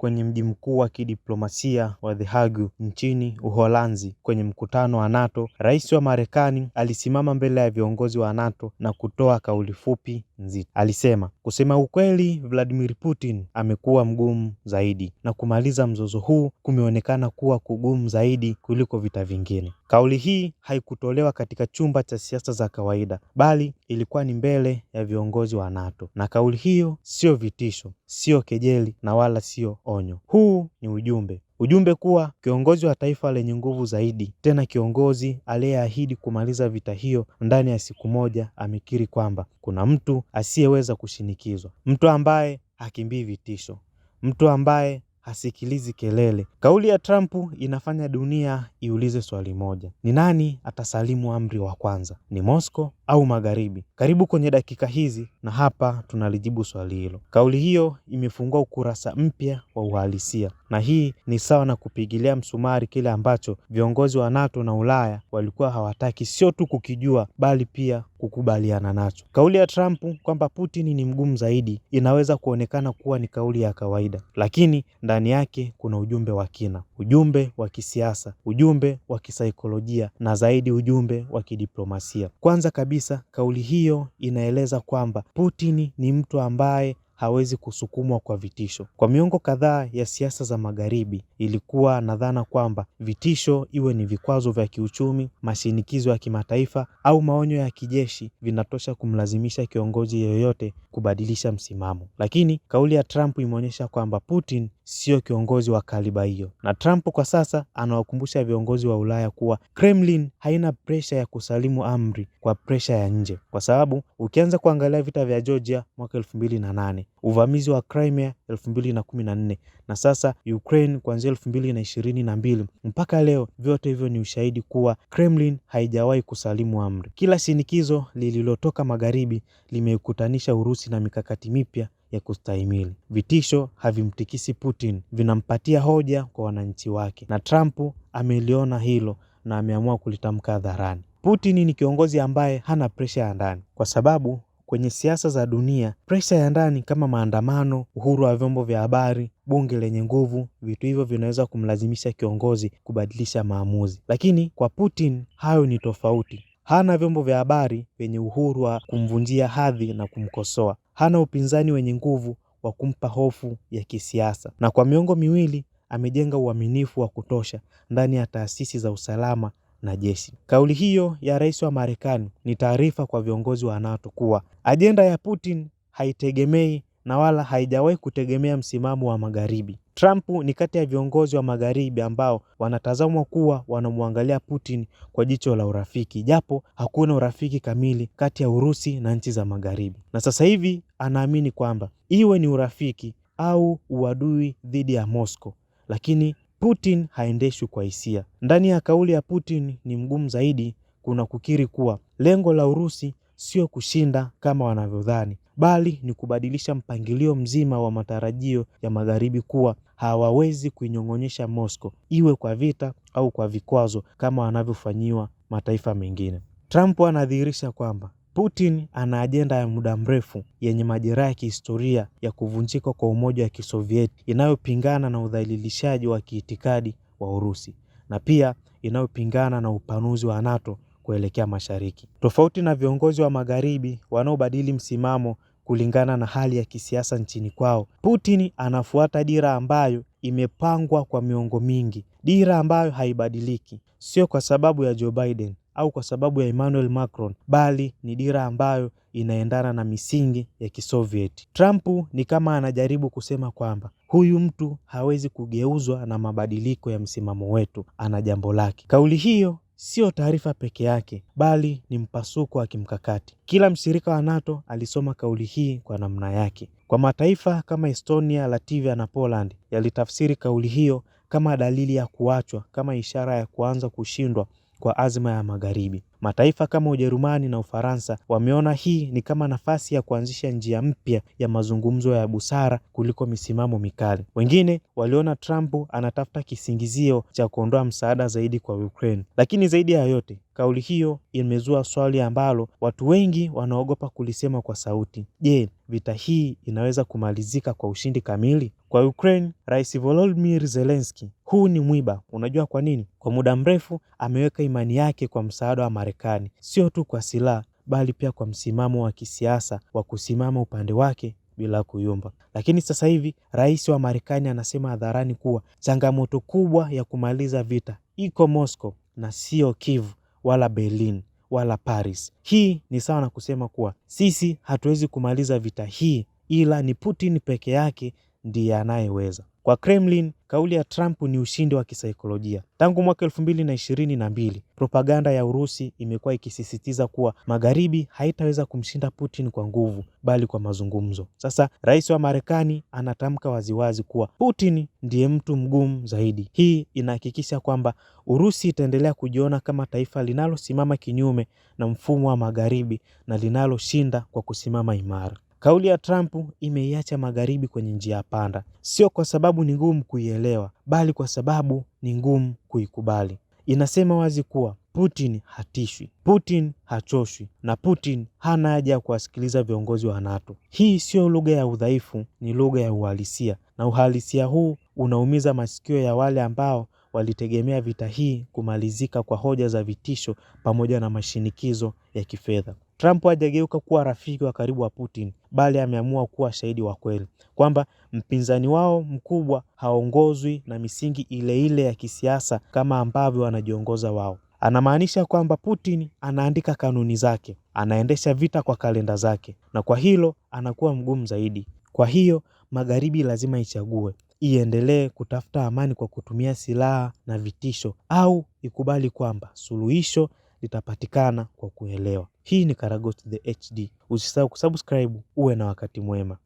kwenye mji mkuu wa kidiplomasia wa The Hague nchini Uholanzi kwenye mkutano wa NATO, rais wa Marekani alisimama mbele ya viongozi wa NATO na kutoa kauli fupi nzito. Alisema, kusema ukweli, Vladimir Putin amekuwa mgumu zaidi na kumaliza mzozo huu kumeonekana kuwa kugumu zaidi kuliko vita vingine. Kauli hii haikutolewa katika chumba cha siasa za kawaida, bali ilikuwa ni mbele ya viongozi wa NATO, na kauli hiyo sio vitisho, sio kejeli na wala sio onyo. Huu ni ujumbe, ujumbe kuwa kiongozi wa taifa lenye nguvu zaidi, tena kiongozi aliyeahidi kumaliza vita hiyo ndani ya siku moja, amekiri kwamba kuna mtu asiyeweza kushinikizwa, mtu ambaye hakimbii vitisho, mtu ambaye hasikilizi kelele. Kauli ya Trump inafanya dunia iulize swali moja: ni nani atasalimu amri wa kwanza? Ni Moscow au Magharibi? Karibu kwenye dakika hizi, na hapa tunalijibu swali hilo. Kauli hiyo imefungua ukurasa mpya wa uhalisia na hii ni sawa na kupigilia msumari kile ambacho viongozi wa NATO na Ulaya walikuwa hawataki sio tu kukijua, bali pia kukubaliana nacho. Kauli ya Trump kwamba Putin ni mgumu zaidi inaweza kuonekana kuwa ni kauli ya kawaida, lakini ndani yake kuna ujumbe wa kina, ujumbe wa kisiasa, ujumbe wa kisaikolojia na zaidi ujumbe wa kidiplomasia. Kwanza kabisa, kauli hiyo inaeleza kwamba Putin ni mtu ambaye hawezi kusukumwa kwa vitisho. Kwa miongo kadhaa ya siasa za Magharibi, ilikuwa na dhana kwamba vitisho, iwe ni vikwazo vya kiuchumi, mashinikizo ya kimataifa au maonyo ya kijeshi, vinatosha kumlazimisha kiongozi yoyote kubadilisha msimamo. Lakini kauli ya Trump imeonyesha kwamba Putin sio kiongozi wa kaliba hiyo, na Trump kwa sasa anawakumbusha viongozi wa Ulaya kuwa Kremlin haina presha ya kusalimu amri kwa presha ya nje, kwa sababu ukianza kuangalia vita vya Georgia mwaka elfu mbili na nane, uvamizi wa Crimea elfu mbili na kumi na nne na sasa Ukraine kuanzia elfu mbili na ishirini na mbili mpaka leo, vyote hivyo ni ushahidi kuwa Kremlin haijawahi kusalimu amri. Kila shinikizo lililotoka magharibi limeikutanisha Urusi na mikakati mipya ya kustahimili. Vitisho havimtikisi Putin, vinampatia hoja kwa wananchi wake, na Trump ameliona hilo na ameamua kulitamka hadharani. Putin ni kiongozi ambaye hana presha ya ndani, kwa sababu kwenye siasa za dunia presha ya ndani kama maandamano, uhuru wa vyombo vya habari, bunge lenye nguvu, vitu hivyo vinaweza kumlazimisha kiongozi kubadilisha maamuzi. Lakini kwa Putin hayo ni tofauti. Hana vyombo vya habari vyenye uhuru wa kumvunjia hadhi na kumkosoa hana upinzani wenye nguvu wa kumpa hofu ya kisiasa, na kwa miongo miwili amejenga uaminifu wa kutosha ndani ya taasisi za usalama na jeshi. Kauli hiyo ya rais wa Marekani ni taarifa kwa viongozi wa NATO kuwa ajenda ya Putin haitegemei na wala haijawahi kutegemea msimamo wa magharibi. Trump ni kati ya viongozi wa magharibi ambao wanatazamwa kuwa wanamwangalia Putin kwa jicho la urafiki, japo hakuna urafiki kamili kati ya Urusi na nchi za magharibi. Na sasa hivi anaamini kwamba iwe ni urafiki au uadui dhidi ya Moscow, lakini Putin haendeshwi kwa hisia. Ndani ya kauli ya Putin ni mgumu zaidi kuna kukiri kuwa lengo la Urusi sio kushinda kama wanavyodhani, bali ni kubadilisha mpangilio mzima wa matarajio ya magharibi kuwa hawawezi kuinyong'onyesha Moscow iwe kwa vita au kwa vikwazo kama wanavyofanyiwa mataifa mengine. Trump anadhihirisha kwamba Putin ana ajenda ya muda mrefu yenye majeraha ya kihistoria ya kuvunjika kwa umoja wa Kisovieti inayopingana na udhalilishaji wa kiitikadi wa Urusi na pia inayopingana na upanuzi wa NATO kuelekea mashariki. Tofauti na viongozi wa magharibi wanaobadili msimamo kulingana na hali ya kisiasa nchini kwao. Putin anafuata dira ambayo imepangwa kwa miongo mingi, dira ambayo haibadiliki, sio kwa sababu ya Joe Biden au kwa sababu ya Emmanuel Macron, bali ni dira ambayo inaendana na misingi ya Kisoviet. Trump ni kama anajaribu kusema kwamba huyu mtu hawezi kugeuzwa na mabadiliko ya msimamo wetu, ana jambo lake. Kauli hiyo sio taarifa peke yake, bali ni mpasuko wa kimkakati. Kila mshirika wa NATO alisoma kauli hii kwa namna yake. Kwa mataifa kama Estonia, Latvia na Poland yalitafsiri kauli hiyo kama dalili ya kuachwa, kama ishara ya kuanza kushindwa kwa azma ya Magharibi. Mataifa kama Ujerumani na Ufaransa wameona hii ni kama nafasi ya kuanzisha njia mpya ya mazungumzo ya busara kuliko misimamo mikali. Wengine waliona Trump anatafuta kisingizio cha kuondoa msaada zaidi kwa Ukraine. Lakini zaidi ya yote, kauli hiyo imezua swali ambalo watu wengi wanaogopa kulisema kwa sauti. Je, vita hii inaweza kumalizika kwa ushindi kamili? Kwa Ukraine, Rais Volodymyr Zelensky huu ni mwiba. Unajua kwa nini? Kwa muda mrefu ameweka imani yake kwa msaada wa Marekani, sio tu kwa silaha, bali pia kwa msimamo wa kisiasa wa kusimama upande wake bila kuyumba. Lakini sasa hivi rais wa Marekani anasema hadharani kuwa changamoto kubwa ya kumaliza vita iko Moscow na sio Kiev wala Berlin wala Paris. Hii ni sawa na kusema kuwa sisi hatuwezi kumaliza vita hii, ila ni Putin peke yake ndiye anayeweza. Kwa Kremlin, kauli ya Trump ni ushindi wa kisaikolojia. Tangu mwaka elfu mbili na ishirini na mbili, propaganda ya Urusi imekuwa ikisisitiza kuwa Magharibi haitaweza kumshinda Putin kwa nguvu, bali kwa mazungumzo. Sasa rais wa Marekani anatamka waziwazi kuwa Putin ndiye mtu mgumu zaidi. Hii inahakikisha kwamba Urusi itaendelea kujiona kama taifa linalosimama kinyume na mfumo wa Magharibi na linaloshinda kwa kusimama imara. Kauli ya Trump imeiacha magharibi kwenye njia panda, sio kwa sababu ni ngumu kuielewa, bali kwa sababu ni ngumu kuikubali. Inasema wazi kuwa Putin hatishwi, Putin hachoshwi na Putin hana haja ya kuwasikiliza viongozi wa NATO. Hii sio lugha ya udhaifu, ni lugha ya uhalisia, na uhalisia huu unaumiza masikio ya wale ambao walitegemea vita hii kumalizika kwa hoja za vitisho pamoja na mashinikizo ya kifedha. Trump hajageuka kuwa rafiki wa karibu wa Putin, bali ameamua kuwa shahidi wa kweli kwamba mpinzani wao mkubwa haongozwi na misingi ile ile ya kisiasa kama ambavyo wanajiongoza wao. Anamaanisha kwamba Putin anaandika kanuni zake, anaendesha vita kwa kalenda zake, na kwa hilo anakuwa mgumu zaidi. Kwa hiyo magharibi lazima ichague, iendelee kutafuta amani kwa kutumia silaha na vitisho, au ikubali kwamba suluhisho litapatikana kwa kuelewa. Hii ni Karagosi The HD. Usisahau kusubscribe. Uwe na wakati mwema.